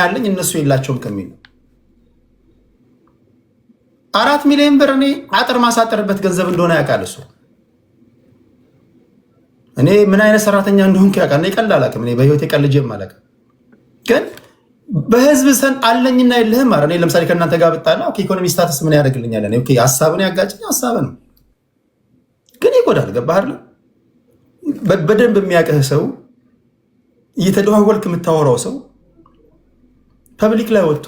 ያለኝ እነሱ የላቸውም ከሚል አራት ሚሊዮን ብር እኔ አጥር ማሳጠርበት ገንዘብ እንደሆነ ያውቃል እሱ። እኔ ምን አይነት ሰራተኛ እንደሆንኩ ያውቃል። እኔ ቀልድ አላውቅም። እኔ በህይወት የቀልጄም አላውቅም። ግን በህዝብ ሰን አለኝና የለህም አ እኔ ለምሳሌ ከእናንተ ጋር ብጣላ ኢኮኖሚ ስታትስ ምን ያደርግልኛል? ሀሳብን ያጋጭኝ ሀሳብ ነው፣ ግን ይጎዳል። ገባህ በደንብ የሚያውቅህ ሰው እየተደዋወልክ የምታወራው ሰው ፐብሊክ ላይ ወጥቶ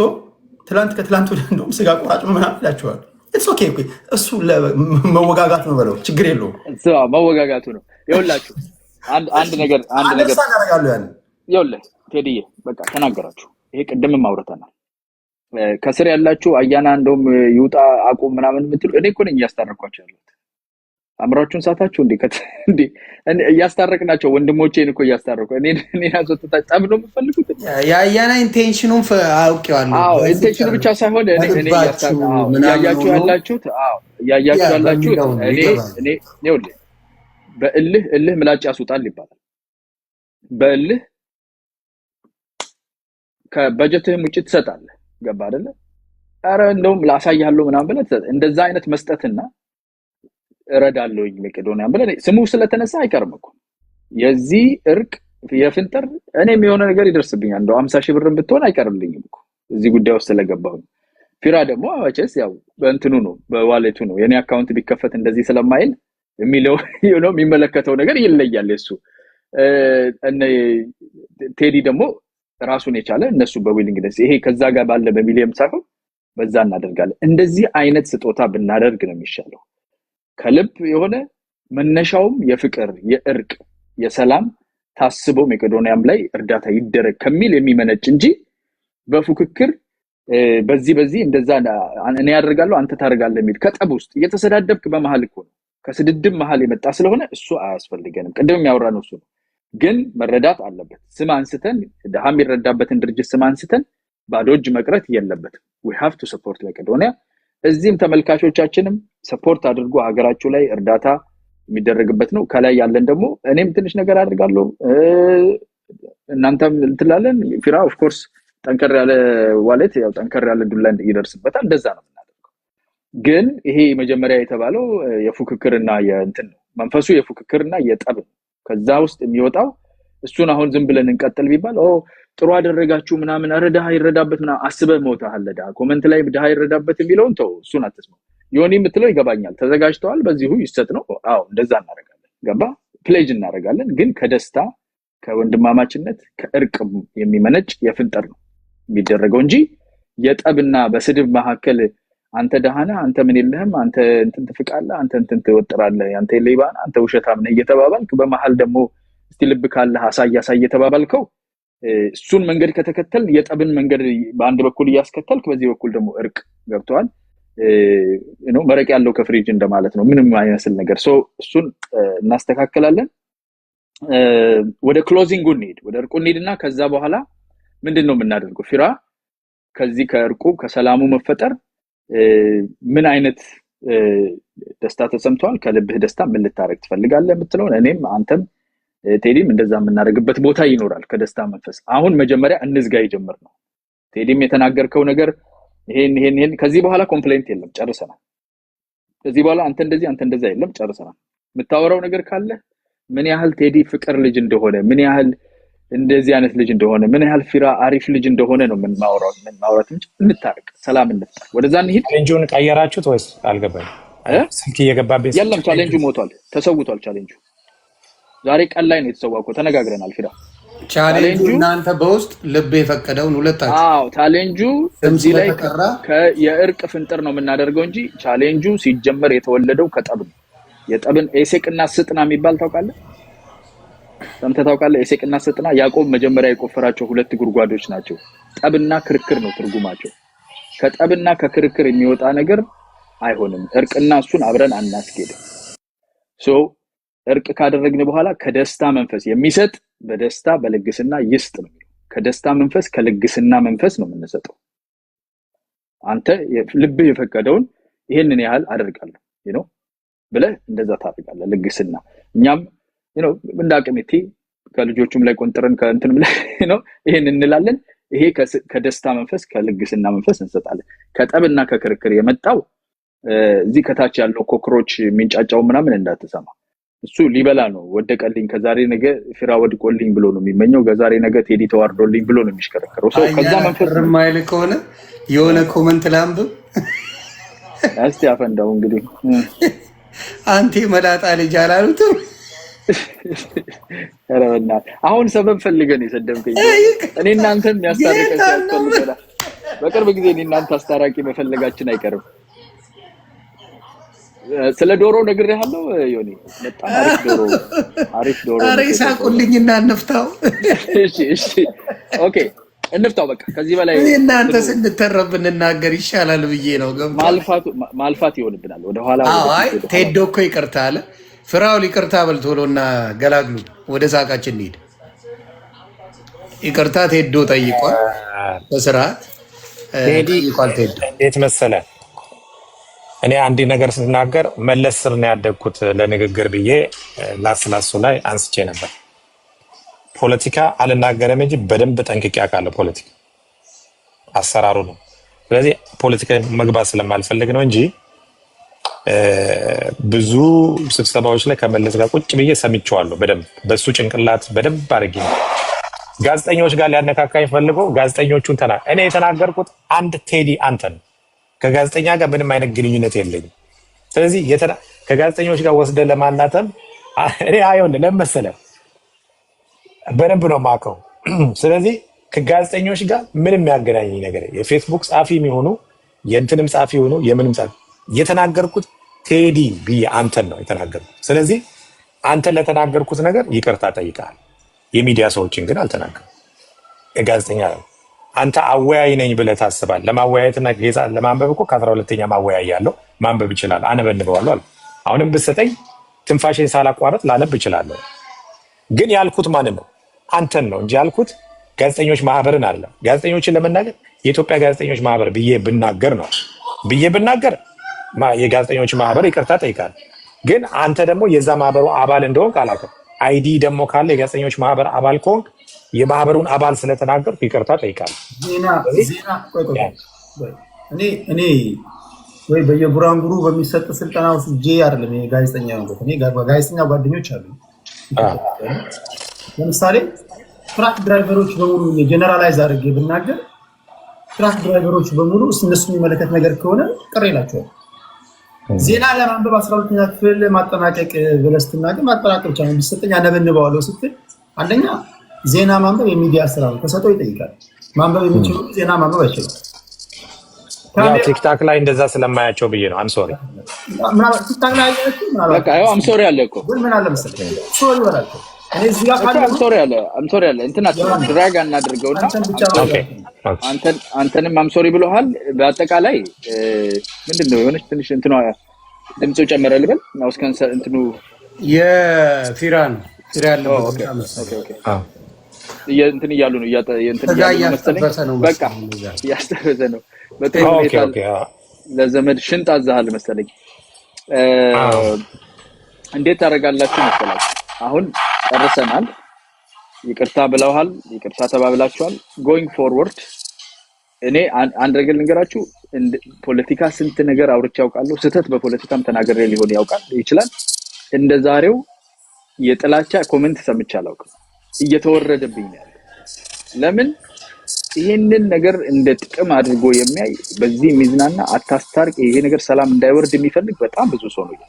ትላንት ከትላንት ወደ እንደውም ስጋ ቆራጭ ምናምን ይላቸዋል። ኦኬ እሱ መወጋጋት ነው በለው፣ ችግር የለውም መወጋጋቱ ነው። ይኸውላችሁ አንድ ነገር አንድ ነገር ይኸውልህ ቴዲዬ በቃ ተናገራችሁ። ይሄ ቅድምም አውርተናል። ከስር ያላችሁ አያና እንደውም ይውጣ አቁም ምናምን የምትሉ እኔ እኮ ነኝ እያስታረኳቸው ያሉት አምራችሁን ሳታችሁ እንዴ? እንዴ ናቸው ወንድሞቼን እኮ እያስታረቁ እኔን አስወጥታችሁ ጠብ ነው የምፈልጉት። የአያና ኢንቴንሽኑም አውቄዋለሁ። ኢንቴንሽኑ ብቻ ሳይሆን ያያችሁ ያላችሁት ያያችሁ ያላችሁት እኔ በእልህ እልህ ምላጭ ያስወጣል ይባላል። በእልህ ከበጀትህም ውጭ ትሰጣለህ። ገባ አይደለ? ኧረ እንደውም ላሳያለሁ ምናምን ብለህ እንደዛ አይነት መስጠትና እረዳለሁኝ መቄዶንያ ብለ ስሙ ስለተነሳ አይቀርም እኮ የዚህ እርቅ የፍንጠር እኔ የሆነ ነገር ይደርስብኛል። እንደው አምሳ ሺህ ብርን ብትሆን አይቀርልኝም እኮ እዚህ ጉዳይ ውስጥ ስለገባሁ። ፊራ ደግሞ መቼስ ያው በእንትኑ ነው በዋሌቱ ነው የኔ አካውንት ቢከፈት እንደዚህ ስለማይል የሚለው የሚመለከተው ነገር ይለያል የሱ ቴዲ ደግሞ ራሱን የቻለ እነሱ ደስ ይሄ ከዛ ጋር ባለ በሚሊየም ሳይሆን በዛ እናደርጋለን። እንደዚህ አይነት ስጦታ ብናደርግ ነው የሚሻለው። ከልብ የሆነ መነሻውም የፍቅር፣ የእርቅ፣ የሰላም ታስቦ መቄዶንያም ላይ እርዳታ ይደረግ ከሚል የሚመነጭ እንጂ በፉክክር በዚህ በዚህ እንደዛ እኔ ያደርጋለሁ አንተ ታደርጋለህ የሚል ከጠብ ውስጥ እየተሰዳደብክ በመሀል እኮ ነው ከስድድብ መሀል የመጣ ስለሆነ እሱ አያስፈልገንም። ቅድም የሚያወራ ነው እሱ ነው። ግን መረዳት አለበት። ስም አንስተን ድሃ የሚረዳበትን ድርጅት ስም አንስተን ባዶ እጅ መቅረት የለበትም። ዊ ቱ ሰፖርት እዚህም ተመልካቾቻችንም ሰፖርት አድርጎ ሀገራችሁ ላይ እርዳታ የሚደረግበት ነው። ከላይ ያለን ደግሞ እኔም ትንሽ ነገር አድርጋለሁ፣ እናንተም እንትላለን። ፊራ ኦፍኮርስ ጠንከር ያለ ዋሌት ያው ጠንከር ያለ ዱላ ይደርስበታል። እንደዛ ነው የምናደርገው። ግን ይሄ መጀመሪያ የተባለው የፉክክርና የእንትን ነው መንፈሱ የፉክክርና የጠብ ከዛ ውስጥ የሚወጣው እሱን አሁን ዝም ብለን እንቀጥል ቢባል ጥሩ አደረጋችሁ ምናምን፣ ኧረ ድሃ ይረዳበት ምና አስበ መውታሃል። ለድሃ ኮመንት ላይ ድሃ ይረዳበት የሚለውን ተው፣ እሱን አትስማ። የሆን የምትለው ይገባኛል። ተዘጋጅተዋል፣ በዚሁ ይሰጥ ነው። አዎ እንደዛ እናደርጋለን። ገባ ፕሌጅ እናደርጋለን። ግን ከደስታ ከወንድማማችነት ከእርቅ የሚመነጭ የፍንጠር ነው የሚደረገው እንጂ የጠብና በስድብ መካከል አንተ ደሃነ አንተ ምን የለህም፣ አንተ እንትን ትፍቃለ አንተ እንትን ትወጥራለ አንተ ሌባ አንተ ውሸታም ነህ እየተባባልክ በመሀል ደግሞ እስቲ ልብ ካለህ አሳይ አሳይ እየተባባልከው እሱን መንገድ ከተከተል የጠብን መንገድ በአንድ በኩል እያስከተልክ በዚህ በኩል ደግሞ እርቅ ገብተዋል መረቅ ያለው ከፍሪጅ እንደማለት ነው። ምንም አይመስል ነገር እሱን እናስተካከላለን። ወደ ክሎዚንጉ እንሄድ፣ ወደ እርቁ እንሄድ እና ከዛ በኋላ ምንድን ነው የምናደርገው? ፊራ ከዚህ ከእርቁ ከሰላሙ መፈጠር ምን አይነት ደስታ ተሰምተዋል? ከልብህ ደስታ ምን ልታደረግ ትፈልጋለ የምትለውን እኔም አንተም ቴዲም እንደዛ የምናደርግበት ቦታ ይኖራል። ከደስታ መንፈስ አሁን መጀመሪያ እንዝጋ ይጀምር ነው። ቴዲም የተናገርከው ነገር ይሄን ይሄን ይሄን ከዚህ በኋላ ኮምፕሌንት የለም፣ ጨርሰናል። ከዚህ በኋላ አንተ እንደዚህ አንተ እንደዚህ የለም፣ ጨርሰናል። የምታወራው ነገር ካለ ምን ያህል ቴዲ ፍቅር ልጅ እንደሆነ ምን ያህል እንደዚህ አይነት ልጅ እንደሆነ ምን ያህል ፊራ አሪፍ ልጅ እንደሆነ ነው ምንማውራት እንጂ እንታርቅ ሰላም እንፍጠር፣ ወደዛ እንሂድ። ቻሌንጁን ቀየራችሁት ወይስ አልገባኝ? ስልክ እየገባብኝ የለም። ቻሌንጁ ሞቷል፣ ተሰውቷል ቻሌንጁ ዛሬ ቀን ላይ ነው የተሰዋኮ ተነጋግረናል። ፊዳ ቻሌንጁ እናንተ በውስጥ ልብ የፈቀደውን ሁለታችሁ። ቻሌንጁ እዚህ ላይ የእርቅ ፍንጥር ነው የምናደርገው እንጂ ቻሌንጁ ሲጀመር የተወለደው ከጠብ ነው። የጠብን ኤሴቅና ስጥና የሚባል ታውቃለህ? ሰምተህ ታውቃለህ? ኤሴቅና ስጥና ያዕቆብ መጀመሪያ የቆፈራቸው ሁለት ጉድጓዶች ናቸው። ጠብና ክርክር ነው ትርጉማቸው። ከጠብና ከክርክር የሚወጣ ነገር አይሆንም። እርቅና እሱን አብረን አናስኬድም። እርቅ ካደረግን በኋላ ከደስታ መንፈስ የሚሰጥ በደስታ በልግስና ይስጥ ነው። ከደስታ መንፈስ ከልግስና መንፈስ ነው የምንሰጠው። አንተ ልብህ የፈቀደውን ይሄንን ያህል አደርጋለሁ ነው ብለ እንደዛ ታደርጋለ ልግስና እኛም እንደ አቅሜቴ ከልጆቹም ላይ ቆንጥረን ከእንትንም ላይ ነው ይሄን እንላለን። ይሄ ከደስታ መንፈስ ከልግስና መንፈስ እንሰጣለን። ከጠብና ከክርክር የመጣው እዚህ ከታች ያለው ኮክሮች የሚንጫጫው ምናምን እንዳትሰማ እሱ ሊበላ ነው። ወደቀልኝ ከዛሬ ነገ ፊራ ወድቆልኝ ብሎ ነው የሚመኘው። ከዛሬ ነገ ቴዲ ተዋርዶልኝ ብሎ ነው የሚሽከረከረው ሰው። ከዛ መንፈስ ማይል ከሆነ የሆነ ኮመንት ላንብብ እስቲ። አፈንዳው እንግዲህ አንቴ መላጣ ልጅ አላሉትም። ረበና አሁን ሰበብ ፈልገን የሰደብከኝ እኔ እናንተን ያስታርቀን። በቅርብ ጊዜ እኔ እናንተ አስታራቂ መፈለጋችን አይቀርም። ስለ ዶሮ ነግሬሃለሁ ዮኒ። በጣም አሪፍ ዶሮ አሪፍ ዶሮ። ኧረ እና እንፍታው። እሺ እሺ፣ ኦኬ እንፍታው። በቃ ከዚህ በላይ እናንተ ስንተረብ እንናገር ይሻላል ብዬ ነው። ማልፋት ይሆንብናል ወደኋላ። አይ ቴዶ እኮ ይቅርታ አለ። ፍራውል ይቅርታ በል እና ገላግሉ። ወደ ሳቃችን እንሂድ። ይቅርታ ቴዶ ጠይቋል። በስርዓት ቴዲ ቴዶ እንዴት መሰለህ እኔ አንድ ነገር ስናገር መለስ ስር ነው ያደግኩት ለንግግር ብዬ ላስላሱ ላይ አንስቼ ነበር። ፖለቲካ አልናገርም እንጂ በደንብ ጠንቅቄ አውቃለሁ። ፖለቲካ አሰራሩ ነው። ስለዚህ ፖለቲካ መግባት ስለማልፈልግ ነው እንጂ ብዙ ስብሰባዎች ላይ ከመለስ ጋር ቁጭ ብዬ ሰምቼዋለሁ። በደንብ በሱ ጭንቅላት በደንብ አድርጌ ነው ጋዜጠኞች ጋር ሊያነካካኝ ፈልገው ጋዜጠኞቹን ተና እኔ የተናገርኩት አንድ ቴዲ አንተን ከጋዜጠኛ ጋር ምንም አይነት ግንኙነት የለኝም። ስለዚህ ከጋዜጠኞች ጋር ወስደ ለማላተም እኔ አይሆን ለመሰለ በደንብ ነው የማውቀው። ስለዚህ ከጋዜጠኞች ጋር ምንም የሚያገናኝ ነገር የፌስቡክ ጻፊ የሚሆኑ የእንትንም ጻፊ ሆኑ የምንም ጻፊ የተናገርኩት ቴዲ ብዬ አንተን ነው የተናገርኩት። ስለዚህ አንተን ለተናገርኩት ነገር ይቅርታ ጠይቃል። የሚዲያ ሰዎችን ግን አልተናገርም። ጋዜጠኛ አንተ አወያይ ነኝ ብለህ ታስባል። ለማወያየትና ጌዛ ለማንበብ እኮ ከአስራ ሁለተኛ ማወያይ ያለው ማንበብ ይችላል። አነበንበዋለሁ አለ። አሁንም ብሰጠኝ ትንፋሽን ሳላቋረጥ ላነብ እችላለሁ። ግን ያልኩት ማን ነው? አንተን ነው እንጂ ያልኩት ጋዜጠኞች ማህበርን አለ። ጋዜጠኞችን ለመናገር የኢትዮጵያ ጋዜጠኞች ማህበር ብዬ ብናገር ነው ብዬ ብናገር የጋዜጠኞች ማህበር ይቅርታ ጠይቃል። ግን አንተ ደግሞ የዛ ማህበሩ አባል እንደሆንክ አላውቅም። አይዲ ደግሞ ካለ የጋዜጠኞች ማህበር አባል ከሆንክ የማህበሩን አባል ስለተናገርኩ ይቅርታ ጠይቃል። እኔ ወይ በየጉራንጉሩ በሚሰጥ ስልጠና ውስጥ እጄ አይደለም ጋዜጠኛ ነው። ጋዜጠኛ ጓደኞች አሉ። ለምሳሌ ትራክ ድራይቨሮች በሙሉ የጀነራላይዝ አድርጌ ብናገር ትራክ ድራይቨሮች በሙሉ እነሱ የሚመለከት ነገር ከሆነ ቅር ይላቸዋል። ዜና ለማንበብ አስራ ሁለተኛ ክፍል ማጠናቀቅ ብለህ ስትናገር ማጠናቀቅ ብቻ ነው ቢሰጠኝ አነበንበዋለሁ ስትል አንደኛ ዜና ማንበብ የሚዲያ ስራ ነው፣ ተሰጥኦ ይጠይቃል። ማንበብ የሚችሉ ዜና ማንበብ አይችሉም። ቲክታክ ላይ እንደዛ ስለማያቸው ብዬ ነው። አምሶሪ አምሶሪ አለ እኮ ምን አለ መሰለኝ ሶሪ በላቸው። ድራግ አናድርገው አንተንም አምሶሪ ብለሃል። በአጠቃላይ ምንድን ነው የሆነች ትንሽ እንትኗ ድምፁ ጨመረ ልበል እንትኑ የፊራ ነው ፊራ ያለበት እንትን እያሉ ነው እያስጠበሰ ነው እያስጠበሰ ነው። ለዘመድ ሽንጥ አዛሃል መሰለኝ። እንዴት ታደርጋላችሁ መሰላችሁ? አሁን ጨርሰናል። ይቅርታ ብለውሃል፣ ይቅርታ ተባብላችኋል። ጎይንግ ፎርወርድ እኔ አንድ ነገር ልንገራችሁ። ፖለቲካ ስንት ነገር አውርቼ ያውቃለሁ። ስህተት በፖለቲካም ተናግሬ ሊሆን ያውቃል ይችላል። እንደ ዛሬው የጥላቻ ኮሜንት ሰምቼ አላውቅም። እየተወረደብኝ ነው። ለምን ይሄንን ነገር እንደ ጥቅም አድርጎ የሚያይ በዚህ የሚዝናና አታስታርቅ፣ ይሄ ነገር ሰላም እንዳይወርድ የሚፈልግ በጣም ብዙ ሰው ነው።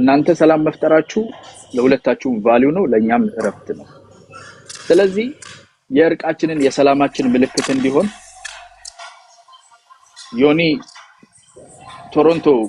እናንተ ሰላም መፍጠራችሁ ለሁለታችሁም ቫሊው ነው፣ ለእኛም እረፍት ነው። ስለዚህ የእርቃችንን የሰላማችን ምልክት እንዲሆን ዮኒ ቶሮንቶ